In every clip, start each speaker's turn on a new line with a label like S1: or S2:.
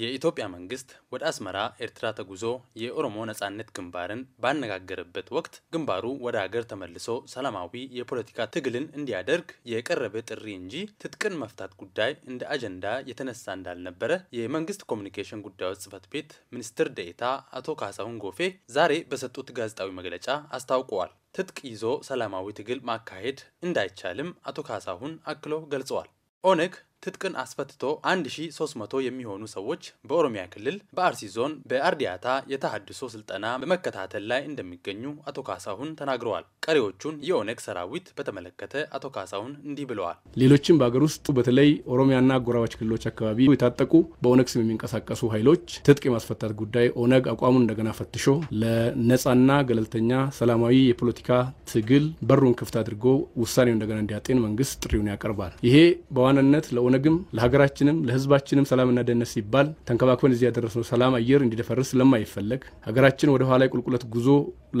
S1: የኢትዮጵያ መንግስት ወደ አስመራ ኤርትራ ተጉዞ የኦሮሞ ነጻነት ግንባርን ባነጋገረበት ወቅት ግንባሩ ወደ ሀገር ተመልሶ ሰላማዊ የፖለቲካ ትግልን እንዲያደርግ የቀረበ ጥሪ እንጂ ትጥቅን መፍታት ጉዳይ እንደ አጀንዳ የተነሳ እንዳልነበረ የመንግስት ኮሚኒኬሽን ጉዳዮች ጽህፈት ቤት ሚኒስትር ደኤታ አቶ ካሳሁን ጎፌ ዛሬ በሰጡት ጋዜጣዊ መግለጫ አስታውቀዋል። ትጥቅ ይዞ ሰላማዊ ትግል ማካሄድ እንዳይቻልም አቶ ካሳሁን አክሎ ገልጸዋል። ኦነግ ትጥቅን አስፈትቶ 1300 የሚሆኑ ሰዎች በኦሮሚያ ክልል በአርሲ ዞን በአርዲያታ የተሃድሶ ስልጠና በመከታተል ላይ እንደሚገኙ አቶ ካሳሁን ተናግረዋል። ቀሪዎቹን የኦነግ ሰራዊት በተመለከተ አቶ ካሳሁን እንዲህ ብለዋል።
S2: ሌሎችም በሀገር ውስጥ በተለይ ኦሮሚያና አጎራባች ክልሎች አካባቢ የታጠቁ በኦነግ ስም የሚንቀሳቀሱ ኃይሎች ትጥቅ የማስፈታት ጉዳይ ኦነግ አቋሙን እንደገና ፈትሾ ለነጻና ገለልተኛ ሰላማዊ የፖለቲካ ትግል በሩን ክፍት አድርጎ ውሳኔው እንደገና እንዲያጤን መንግስት ጥሪውን ያቀርባል። ይሄ በዋናነት ለኦነ ለኦነግም ለሀገራችንም ለህዝባችንም ሰላምና ደህንነት ሲባል ተንከባክበን እዚህ ያደረስነው ሰላም አየር እንዲደፈርስ ስለማይፈለግ ሀገራችን ወደ ኋላ ቁልቁለት ጉዞ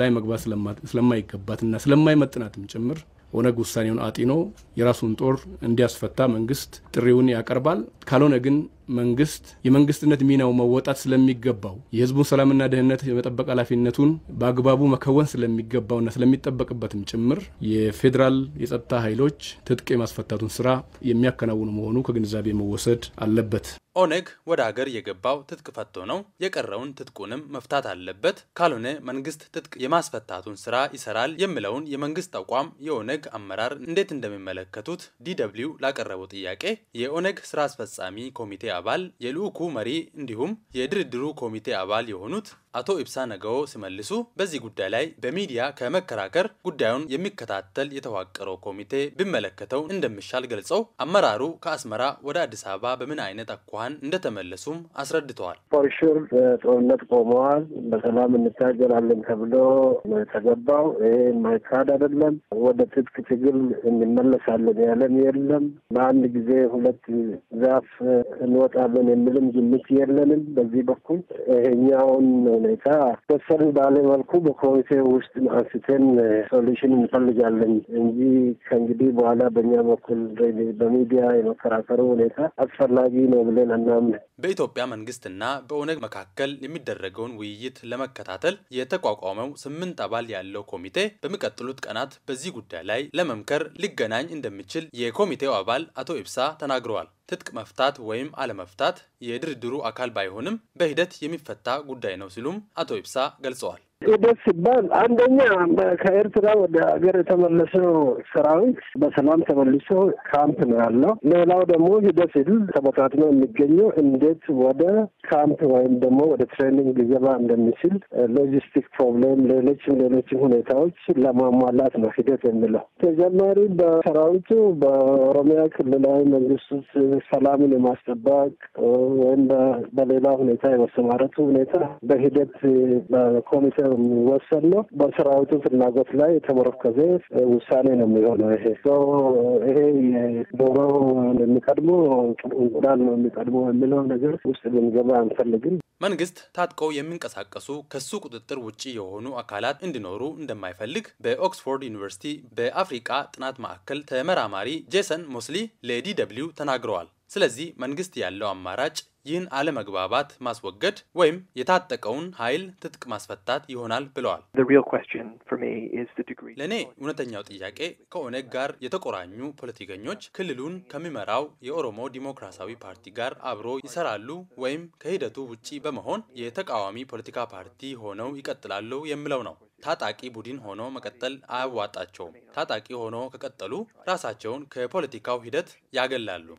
S2: ላይ መግባት ስለማይገባትና ስለማይመጥናትም ጭምር ኦነግ ውሳኔውን አጢኖ የራሱን ጦር እንዲያስፈታ መንግስት ጥሪውን ያቀርባል። ካልሆነ ግን መንግስት የመንግስትነት ሚናው መወጣት ስለሚገባው የህዝቡን ሰላምና ደህንነት የመጠበቅ ኃላፊነቱን በአግባቡ መከወን ስለሚገባውና ስለሚጠበቅበትም ጭምር የፌዴራል የጸጥታ ኃይሎች ትጥቅ የማስፈታቱን ስራ የሚያከናውኑ መሆኑ ከግንዛቤ መወሰድ አለበት።
S1: ኦነግ ወደ ሀገር የገባው ትጥቅ ፈቶ ነው። የቀረውን ትጥቁንም መፍታት አለበት። ካልሆነ መንግስት ትጥቅ የማስፈታቱን ስራ ይሰራል የሚለውን የመንግስት አቋም የኦነግ አመራር እንዴት እንደሚመለከቱት ዲደብሊው ላቀረበው ጥያቄ የኦነግ ስራ አስፈ አስፈጻሚ ኮሚቴ አባል፣ የልዑኩ መሪ እንዲሁም የድርድሩ ኮሚቴ አባል የሆኑት አቶ ኢብሳ ነገዎ ሲመልሱ በዚህ ጉዳይ ላይ በሚዲያ ከመከራከር ጉዳዩን የሚከታተል የተዋቀረው ኮሚቴ ቢመለከተው እንደሚሻል ገልጸው አመራሩ ከአስመራ ወደ አዲስ አበባ በምን አይነት አኳኋን እንደተመለሱም አስረድተዋል።
S3: ፎርሹር በጦርነት ቆመዋል። በሰላም እንታገላለን ተብሎ የተገባው። ይህ የማይካድ አይደለም። ወደ ትጥቅ ትግል እንመለሳለን ያለን የለም። በአንድ ጊዜ ሁለት ዛፍ እንወጣለን የሚልም ግምት የለንም። በዚህ በኩል ይሄኛውን ሁኔታ በሰል ባለ መልኩ በኮሚቴ ውስጥ አንስተን ሶሉሽን እንፈልጋለን እንጂ ከእንግዲህ በኋላ በእኛ በኩል በሚዲያ የመከራከሩ ሁኔታ አስፈላጊ ነው ብለን አናምን።
S1: በኢትዮጵያ መንግስትና በኦነግ መካከል የሚደረገውን ውይይት ለመከታተል የተቋቋመው ስምንት አባል ያለው ኮሚቴ በሚቀጥሉት ቀናት በዚህ ጉዳይ ላይ ለመምከር ሊገናኝ እንደሚችል የኮሚቴው አባል አቶ ኢብሳ ተናግረዋል። ትጥቅ መፍታት ወይም አለመፍታት የድርድሩ አካል ባይሆንም በሂደት የሚፈታ ጉዳይ ነው ሲሉም አቶ ይብሳ ገልጸዋል።
S3: ሂደት ሲባል አንደኛ ከኤርትራ ወደ ሀገር የተመለሰው ሰራዊት በሰላም ተመልሶ ካምፕ ነው ያለው። ሌላው ደግሞ ሂደት ሲል ተበታትኖ የሚገኘው እንዴት ወደ ካምፕ ወይም ደግሞ ወደ ትሬኒንግ ሊገባ እንደሚችል ሎጂስቲክ ፕሮብሌም፣ ሌሎችም ሌሎችም ሁኔታዎች ለማሟላት ነው ሂደት የሚለው። ተጨማሪ በሰራዊቱ በኦሮሚያ ክልላዊ መንግስት ሰላምን የማስጠባቅ ወይም በሌላ ሁኔታ የመሰማረቱ ሁኔታ በሂደት በኮሚቴ የሚወሰን ነው። በሰራዊቱ ፍላጎት ላይ የተመረኮዘ ውሳኔ ነው የሚሆነው። ይሄ ይሄ ዶሮ የሚቀድሞ እንቁላል ነው የሚቀድሞ የሚለው ነገር ውስጥ ልንገባ አንፈልግም።
S1: መንግስት ታጥቀው የሚንቀሳቀሱ ከሱ ቁጥጥር ውጭ የሆኑ አካላት እንዲኖሩ እንደማይፈልግ በኦክስፎርድ ዩኒቨርሲቲ በአፍሪቃ ጥናት ማዕከል ተመራማሪ ጄሰን ሞስሊ ለዲ ደብልዩ ተናግረዋል። ስለዚህ መንግስት ያለው አማራጭ ይህን አለመግባባት ማስወገድ ወይም የታጠቀውን ኃይል ትጥቅ ማስፈታት ይሆናል ብለዋል። ለእኔ እውነተኛው ጥያቄ ከኦነግ ጋር የተቆራኙ ፖለቲከኞች ክልሉን ከሚመራው የኦሮሞ ዲሞክራሲያዊ ፓርቲ ጋር አብሮ ይሰራሉ ወይም ከሂደቱ ውጪ በመሆን የተቃዋሚ ፖለቲካ ፓርቲ ሆነው ይቀጥላሉ የሚለው ነው። ታጣቂ ቡድን ሆኖ መቀጠል አያዋጣቸውም። ታጣቂ ሆኖ ከቀጠሉ ራሳቸውን ከፖለቲካው ሂደት ያገላሉ።